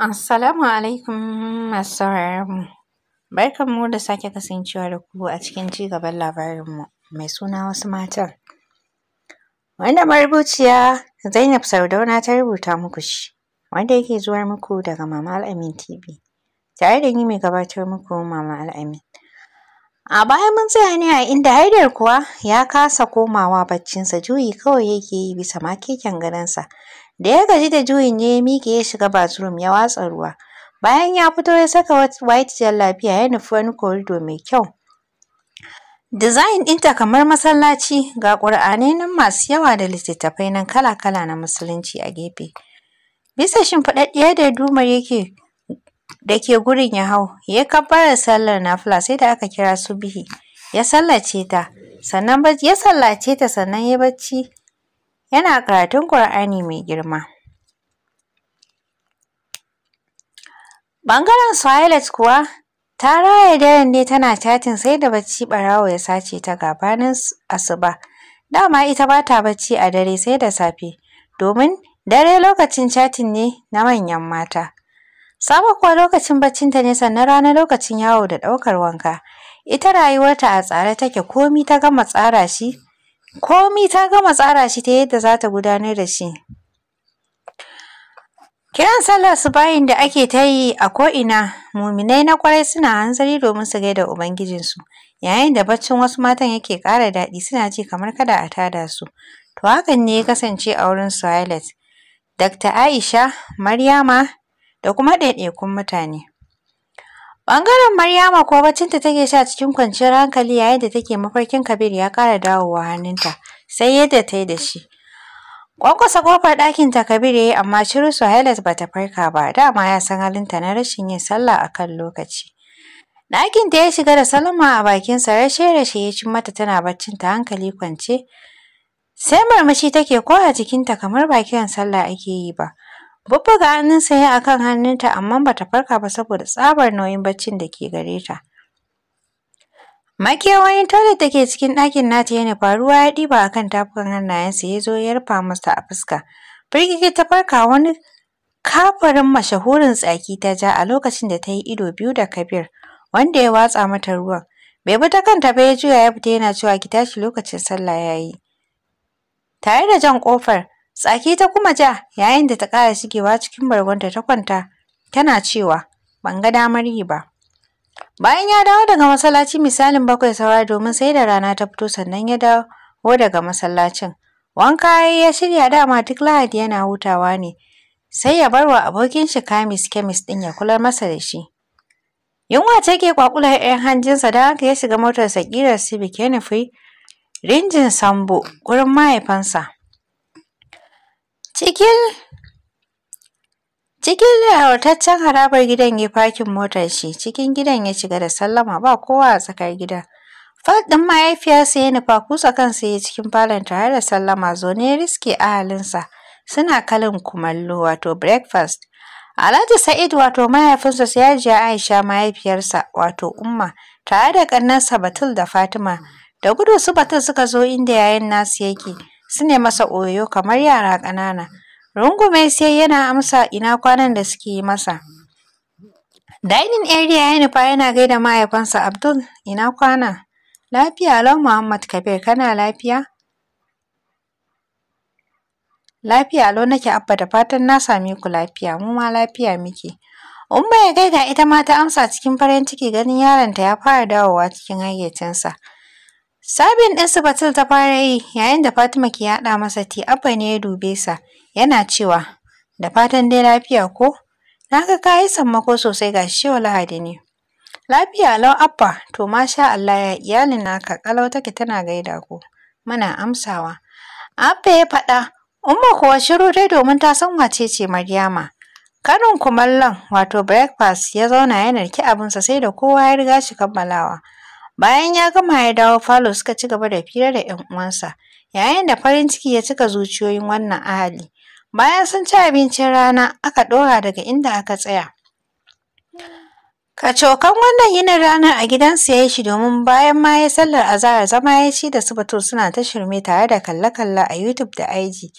Assalamu alaikum masu mu. Barkan mu da sake kasancewa da ku a cikin ci gaban labarinmu mai suna wasu matan. Wanda marubuciya Zainab Sardauna ta rubuta muku shi, wanda yake zuwa muku daga Mama Al'amin TV, tare da ni mai gabatar muku Mama Al'amin. A baya mun tsaya ne a inda Haidar kuwa ya kasa komawa baccinsa juyi kawai yake yi bisa makeken gadonsa Da ya gaji da juyin ne ya miƙe ya shiga bathroom ya watsa ruwa. Bayan ya fito ya saka white lafiya ya nufi wani corridor mai kyau. Design ɗinta kamar masallaci ga ƙur'anai nan masu yawa da littattafai nan kala-kala na musulunci a gefe. Bisa shimfiɗaɗɗiya da dumar yake da ke gurin ya hau ya kabbara sallar nafila sai da aka kira su bihi ya sallace ta sannan ya sallace ta sannan ya bacci yana karatun Kur'ani mai girma. Bangaren Swahilat kuwa ta raya daren ne tana tatin sai da bacci barawo ya sace ta gabanin asuba. Dama ita ba ta bacci a dare sai da safe domin dare lokacin catin ne na manyan mata. Saba kuwa lokacin baccinta ne sannan rana lokacin yawo da ɗaukar wanka. Ita rayuwarta a tsare take komi ta gama tsara shi komi ta gama tsara shi ta yadda za ta gudanar da shi kiran sallar subahin da ake ta yi a ko'ina muminai na kwarai suna hanzari domin su gaida ubangijinsu yayin da baccin wasu matan yake ƙara daɗi suna ji kamar kada a tada su to hakan ne ya kasance a wurin Suhailat Dr. Aisha Maryama da kuma ɗaiɗaikun mutane bangaren Maryama kuwa bacinta take sha cikin kwanciyar hankali yayin da take mafarkin Kabir ya ƙara dawowa hannunta, sai yadda ta yi da shi. Ƙwanƙwasa ƙofar ɗakinta Kabir ya yi amma shiru Suhailat ba ta farka ba, dama ya san halinta na rashin yin sallah a kan lokaci. Ɗakinta ya shiga da Salma a bakinsa rashe-rashe ya cin mata tana ta hankali kwance. Sai murmushi take ko a jikinta kamar ba kiran sallah ake yi ba. ga hannun ya a kan hannunta amma ba ta farka ba saboda tsabar nauyin baccin da ke gare ta. Makewayin toilet da ke cikin ɗakin nata yana faruwa ruwa ya ɗiba akan kan tafukan hannayensa ya zo ya rufa masa a fuska. Firgigi ta farka wani kafarin mashahurin tsaki ta ja a lokacin da ta yi ido biyu da Kabir wanda ya watsa mata ruwan. Bai bi ta kanta ba ya juya ya fita yana cewa ki tashi lokacin sallah ya yi. Tare da jan ƙofar Tsaki ta kuma ja yayin da ta ƙara shigewa cikin bargonta ta kwanta tana cewa ban ga damar yi ba. Bayan ya dawo daga masallaci misalin bakwai saura domin sai da rana ta fito sannan ya dawo daga masallacin. Wanka ya shirya dama duk Lahadi yana hutawa ne. Sai ya bar wa abokin shi kamis kemis ɗin ya kular masa da shi. Yunwa ke kwakula 'yan hanjinsa don haka ya shiga motarsa ƙirar Civic ya nufi rinjin Sambo wurin mahaifansa. Cikin cikin yawataccen harabar gidan ya fakin motar shi, cikin gidan ya shiga da sallama ba kowa a tsakar gidan. fal ɗin mahaifiyarsa ya nufa kusa kansa ya cikin falon tare da sallama zaune ya riske ahalinsa suna kalin kumallo wato breakfast. Alhaji Sa'id wato mahaifinsa sai ya ji Aisha mahaifiyarsa wato Umma tare da ƙannensa Batul da Fatima. Da gudu su Batul suka zo inda yayin nasu yake. Sune masa oyo kamar yara ƙanana. Rungume sai yana amsa ina kwanan da suke yi masa. Dining area ya nufa yana gaida mahaifinsa Abdul ina kwana. Lafiya lau Muhammad Kabir kana lafiya? Lafiya lau nake Abba da fatan na same ku lafiya mu ma lafiya muke. Umma ya gaida ita ma ta amsa cikin farin ciki ganin yaronta ya fara dawowa cikin hayyacinsa. Sabin ɗin su Batul ta fara yi yayin da Fatima ke yaɗa masa ti Abba ne ya dube sa yana cewa da fatan dai lafiya ko? Na ga ka yi sammako sosai ga shi yau Lahadi ne. Lafiya lau Abba to masha Allah ya iyalin naka kalau take tana gaida ko Muna amsawa. Abba ya faɗa Umma kuwa shiru dai domin ta san wace ce Maryama. Karin kumallon wato breakfast ya zauna yana narki abinsa sai da kowa ya riga shi kammalawa. Bayan ya gama ya dawo falo suka ci gaba da fira da ‘yan uwansa, yayin da farin ciki ya cika zuciyoyin wannan ahali. Bayan sun ci abincin rana, aka ɗora daga inda aka tsaya. Kacokan wannan yinin ranar a gidansu ya yi shi domin bayan ma ya sallar azahar zama ya ci da su suna ta shirme tare da kalle-kalle a YouTube da IG.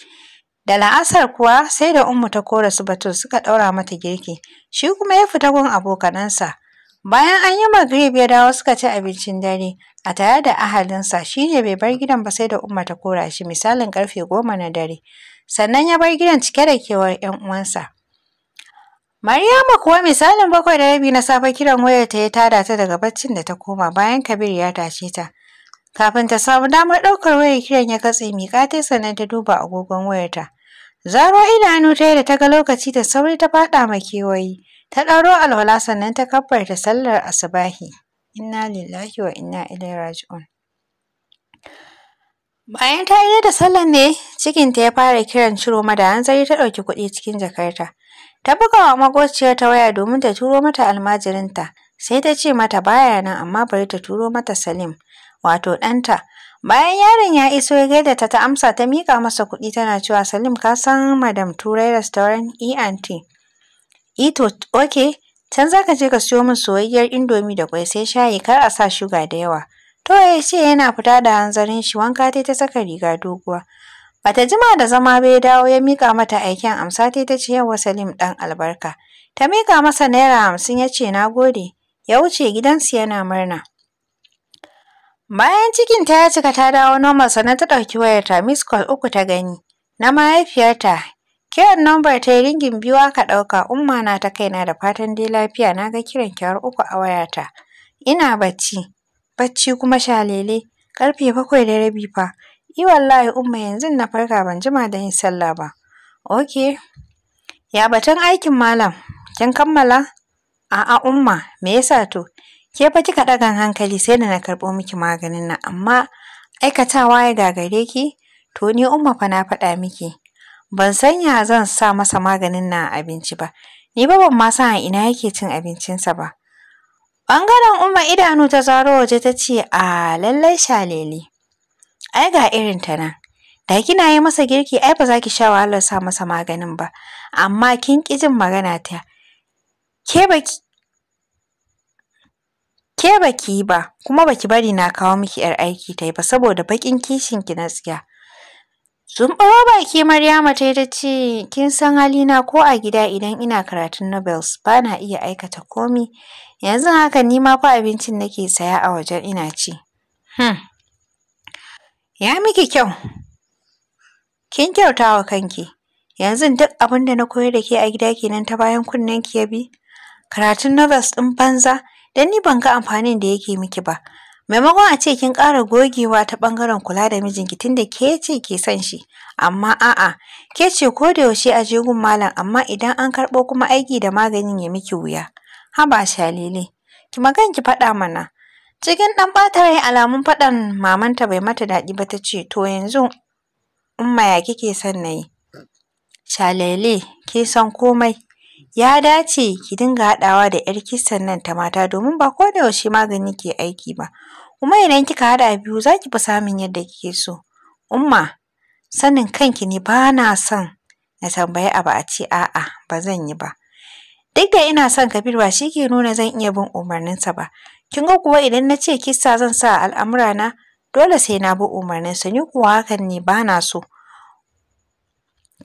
Da la'asar kuwa sai da Ummu ta kora su suka ɗaura mata girki, shi kuma ya fita gun abokanansa. Bayan an yi magrib ya dawo suka ci abincin dare a tare da ahalinsa shi ne bai bar gidan ba sai da Umma ta kora shi misalin karfe goma na dare. Sannan ya bar gidan cike da kewar 'yan uwansa. Maryama kuwa misalin bakwai da rabi na safe kiran wayar ta ya tada ta daga baccin da ta koma bayan Kabir ya tashe ta. Kafin ta samu damar ɗaukar wayar kiran ya katse miƙa ta sannan ta duba agogon wayarta. Zaro idanu ta da ta ga lokaci da sauri ta faɗa ma kewayi. Ta ɗauro alwala sannan ta ta sallar asubahi. Inna lillahi wa inna ilaihi raji'un. Bayan ta yi da sallar ne, cikinta ya fara kiran ciro da hanzari ta ɗauki kuɗi cikin jakarta. Ta buga wa maƙociyar ta waya domin ta turo mata almajirinta, sai ta ce mata baya nan amma bari ta turo mata Salim, wato ɗanta. Bayan yaron ya iso ya gaida ta ta amsa ta miƙa masa kuɗi tana cewa Salim ka san Madam Turai Restaurant E&T. Ito, e, ok, can za ka je ka siyo min soyayyar indomi da kwai sai shayi kar a sa shuga da yawa. To ya eh, ce yana fita da hanzarin shi wanka tai ta saka riga doguwa. Bata jima da zama bai dawo ya mika mata aikin amsa tai ta ce yawa Salim ɗan albarka. Ta mika masa naira hamsin ya ce na gode. Ya wuce gidansu yana murna. Bayan cikin ta ya cika ta dawo normal sannan ta ɗauki wayarta miss call uku ta gani. Na mahaifiyarta Kiran nambar ta yi ringin biyu aka ɗauka, Umma na ta kaina da fatan dai lafiya na ga kiran kyawar uku a wayata. Ina bacci, bacci kuma shalele, ƙarfe bakwai da rabi fa. I wallahi Umma yanzu na farka ban jima da yin sallah ba. Ok, ya batun aikin malam, kin kammala? A'a Umma, me yasa to? Ke fa kika ɗagan hankali sai da na karɓo miki maganin nan amma aikatawa ya gagare ki? To ni Umma fa na faɗa miki. ban san ya zan sa masa maganin nan a abinci ba ni ba ban ma san a ina yake cin abincinsa ba ɓangaren umma idanu ta zaro waje ta ce a lallai shalele ai ga irin ta nan da kina yi masa girki ai ba za ki sha wahalar sa masa maganin ba amma kin ƙi jin magana ta ke baki ke ba kuma baki bari na kawo miki yar aiki ta yi ba saboda bakin kishin ki na tsiya Zumburo baki Maryama ta yi ta ce, Kin san halina ko a gida idan ina karatun Nobels ba na iya aikata komi, yanzu haka ni ma fa abincin nake saya a wajen ina ci. Hmm. Ya miki kyau, kin kyauta wa kanki, yanzu duk abin da na koyar da ke a gida kenan ta bayan kunnen ki ya bi, karatun Nobels ɗin banza, don ni ban ga amfanin da yake miki ba. maimakon a ce kin ƙara gogewa ta ɓangaren kula da mijinki tunda ke ce ke son shi amma a'a ke ce ko da yaushe a je gun malam amma idan an karɓo kuma aiki da maganin ya miki wuya haba shalele ki magan ki faɗa mana cikin ɗan ɓata rai alamun faɗan mamanta bai mata daɗi ba ta ce to yanzu umma ya kike son na yi shalele ke san komai ya dace ki dinga haɗawa da 'yar kistan nan ta mata domin ba ko da yaushe magani ke aiki ba kuma idan kika haɗa biyu za ki fi samun yadda kike so. Umma, sanin kanki ne ba na son na tambayi abu a ce a'a ba zan yi ba. Duk da ina son Kabir ba shi ke nuna zan iya bin umarninsa ba. Kin ga kuwa idan na ce kissa zan sa al'amura na, dole sai na bi umarninsa ni kuwa hakan ne ba na so.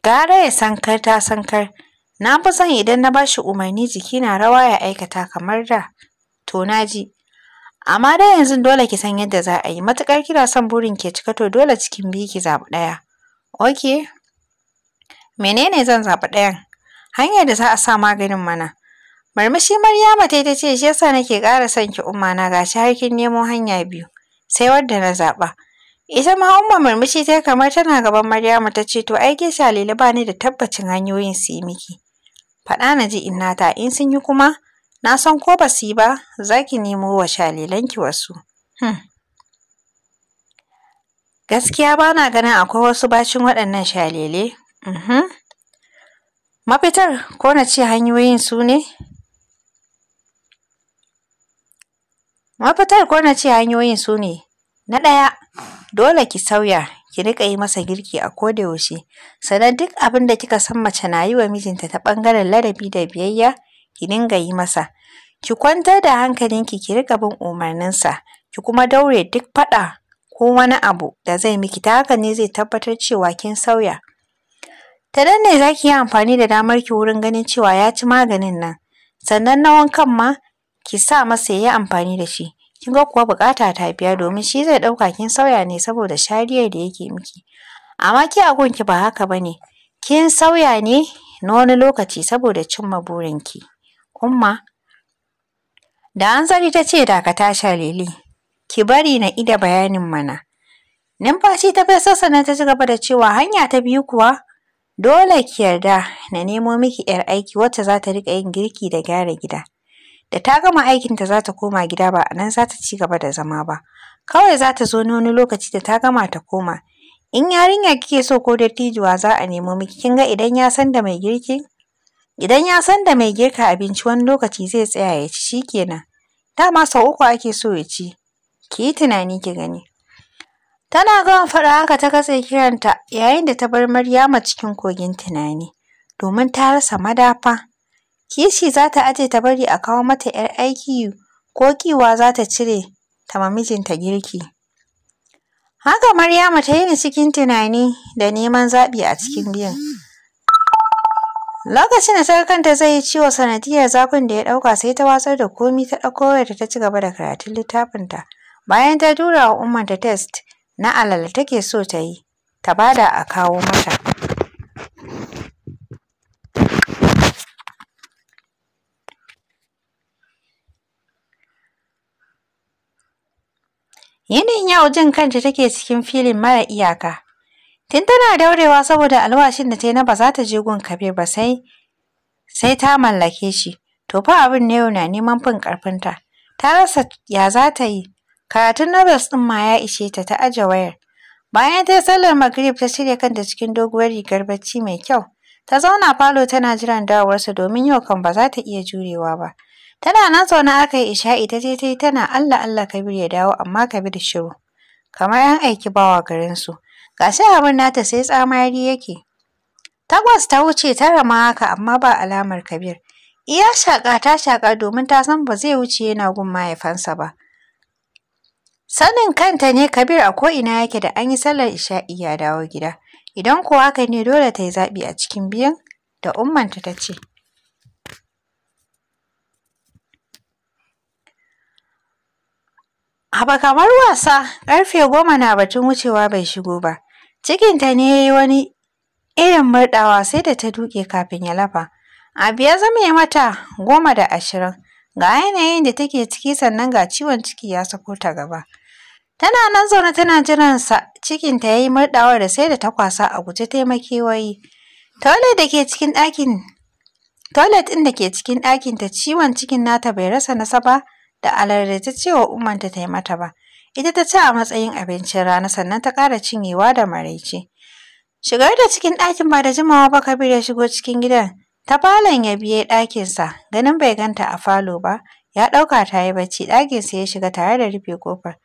Gara ya sankar ta sankar. Na fi son idan na bashi umarni jiki na rawa ya aikata kamar da. To na ji. Amma dai yanzu dole ki san yadda za a yi, matuƙar kina son burin ke cika to dole cikin biyu ki zaɓi ɗaya. Ok, menene zan zaɓi ɗayan? Hanyar da za a sa maganin mana. Marmashi Maryama ta ce shi yasa nake ƙara son ki umma na gashi har kin nemo hanya biyu, sai wadda na zaɓa. Ita ma Umma marmashi ta kamar tana gaban maryama ta ce to ai ke Shalele ba ni da tabbacin hanyoyin su yi miki. Faɗa na ji innata in sun yi kuma Na san ko ba su ba, za ki nemo wa shalilanki wasu. Hmm. Gaskiya ba na ganin akwai wasu bacin waɗannan shalile? Mhm. Mafitar ko na ce hanyoyin su ne? Mafitar ko na ce hanyoyin su ne. Na ɗaya, dole ki sauya, ki riƙa yi masa girki a yaushe, sannan duk abin da kika san mace na yi wa mijinta ta ɓangaren ladabi da biyayya, ki dinga yi masa. ki kwantar da hankalinki ki riƙa bin umarninsa ki kuma daure duk faɗa ko wani abu da zai miki ta haka ne zai tabbatar cewa kin sauya ta nan ne za ki yi amfani da damarki wurin ganin cewa ya ci maganin nan sannan na wankan ma ki sa masa ya yi amfani da shi kin ga kuwa buƙata ta biya domin shi zai ɗauka kin sauya ne saboda shariyar da yake miki amma ki a gunki ba haka ba ne kin sauya ne na wani lokaci saboda cimma burinki umma Da hanzari ta ce dakata Shalili, ki bari na ida bayanin mana. Numfashi ta fi sassana ta ci gaba da cewa hanya ta biyu kuwa dole ki yarda na nemo miki ‘yar aiki wacce za ta riƙa yin girki da gyara gida. Da ta gama aikinta za ta koma gida ba a nan za ta ci gaba da zama ba. Kawai za ta zo ni wani lokaci da ta gama ta koma. In yarinya kike so ko dattijuwa za a nemo miki kin ga idan ya san da mai girki Idan ya san da mai girka abinci wani lokaci zai tsaya ya ci shi kenan. Dama sau uku ake so ya ci. Ki yi tunani ki gani. Tana gama faɗa haka ta katse kiranta yayin da ta bar Maryama cikin kogin tunani domin ta rasa madafa. Kishi za ta aje ta bari a kawo mata 'yar aiki ko kiwa za ta cire ta ma mijinta girki. Haka Maryama ta yini cikin tunani da neman zaɓi a cikin biyan. Lokacin da ta kanta zai yi ciwo sanadiyar zafin da ya ɗauka sai ta watsar da komi ta ɗauko wayarta ta ci gaba da karatun littafinta. Bayan ta dura wa ummanta test na alala take so ta yi, ta bada a kawo mata. Yinin yau jin kanta take cikin filin mara iyaka, Tun tana daurewa saboda alwashin da ta yi na ba za ta je gun Kabir ba sai sai ta mallake shi. To fa abin na yau na neman fin ƙarfinta. Ta rasa ya za ta yi. Karatun Novels ɗin ma ya ishe ta ta aje wayar. Bayan ta yi sallar Maghrib ta shirya kanta cikin doguwar rigar bacci mai kyau. Ta zauna falo tana jiran dawowarsa domin yau kan ba za ta iya jurewa ba. Tana nan zaune aka yi isha'i ta je ta yi tana Allah Allah Kabir ya dawo amma Kabir shiru. Kamar 'yan aiki bawa garinsu. ga shi abin nata sai tsamari yake takwas ta wuce tara ma haka amma ba alamar kabir iya shaƙa ta shaƙa domin ta san ba zai wuce yana gun mahaifansa ba sanin kanta ne kabir a ko'ina yake da an yi sallar isha'i ya dawo gida idan kuwa haka ne dole ta yi zaɓi a cikin biyan da ummanta ta ce Haba kamar wasa, ƙarfe goma na batun wucewa bai shigo ba. Cikinta ne ya yi wani irin murɗawa sai da ta duƙe kafin ya lafa. A ya zama ya mata goma da ashirin. Ga yanayin da take ciki sannan ga ciwon ciki ya sako ta gaba. Tana nan zaune tana jiran sa cikinta ya yi murɗawar da sai da ta kwasa a guje ta makewayi. Toilet ke cikin ɗakin Toilet ɗin da ke cikin ɗakinta ciwon cikin nata bai rasa nasaba da alarda ta ce wa ta yi mata ba. Ita ta ci a matsayin abincin rana sannan ta ƙara cinyewa da maraice. Shigar da cikin ɗakin ba da jimawa ba Kabir ya shigo cikin gidan. Ta falon ya biye ɗakinsa, ganin bai ganta a falo ba, ya ɗauka ta yi bacci ɗakinsa ya shiga tare da rufe kofar.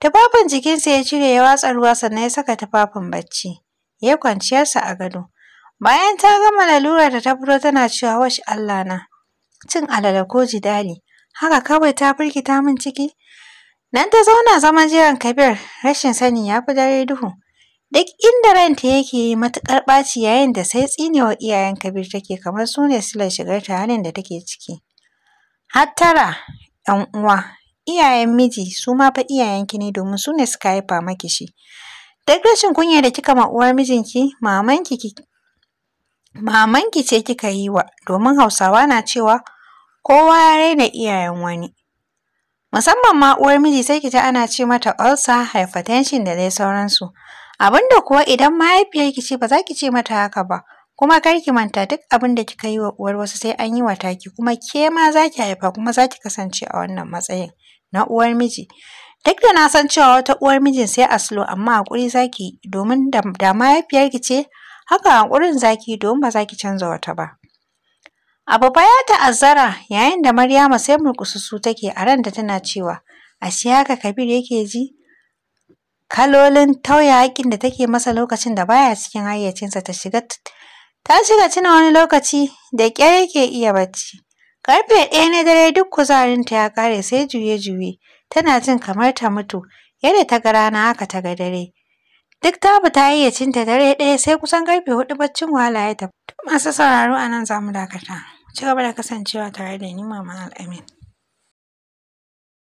Tufafin jikinsa ya cire ya watsa ruwa sannan ya saka tufafin bacci. Ya kwanciyarsa a gado. Bayan ta gama lalura da ta fito tana cewa wash Allah na. Cin alala ko jidali. Haka kawai ta firgita min ciki. Nan ta zauna zaman jiran Kabir, rashin sani ya fi dare duhu. Duk inda ranta yake yi matuƙar ɓaci yayin da sai tsinewa iyayen Kabir take kamar su ne silar shigar ta halin da take ciki. Hattara ‘yan uwa, iyayen miji su ma fa iyayenki ne domin su ne suka haifa maki shi. Duk rashin kunya da kika ma uwar mijinki, mamanki mamanki ce kika yi wa domin Hausawa na cewa kowa ya raina iyayen wani. Musamman ma uwar miji sai ki kita ana ce mata ulcer, hypertension da dai sauransu. Abinda kuwa idan mahaifiyar ki ce ba za ki ce mata haka ba. Kuma kar ki manta duk abin da kika yi wa uwar wasu sai an yi wa taki kuma ke ma za ki haifa kuma za ki kasance a wannan matsayin na uwar miji. Duk da na san cewa wata uwar mijin sai a slow amma hakuri za ki yi domin da mahaifiyar ki ce haka hakurin za ki yi domin ba za ki canza wata ba. Abu ya ta'azzara yayin da Maryama sai murƙususu take a ranta tana cewa ashe haka Kabir yake ji kalolin tauye haƙƙin da take masa lokacin da baya cikin hayyacinsa ta shiga ta shiga tuna wani lokaci da ƙyar yake iya bacci. Karfe ɗaya na dare duk kuzarinta ya ƙare sai juye-juye tana jin kamar ta mutu yadda ta ga rana haka ta ga dare. Duk ta fita hayyacinta dare ɗaya sai kusan karfe huɗu baccin wahala ya tafi. masu sauraro a nan za mu dakata. ci gaba da kasancewa tare da ni Maman Al-Amin.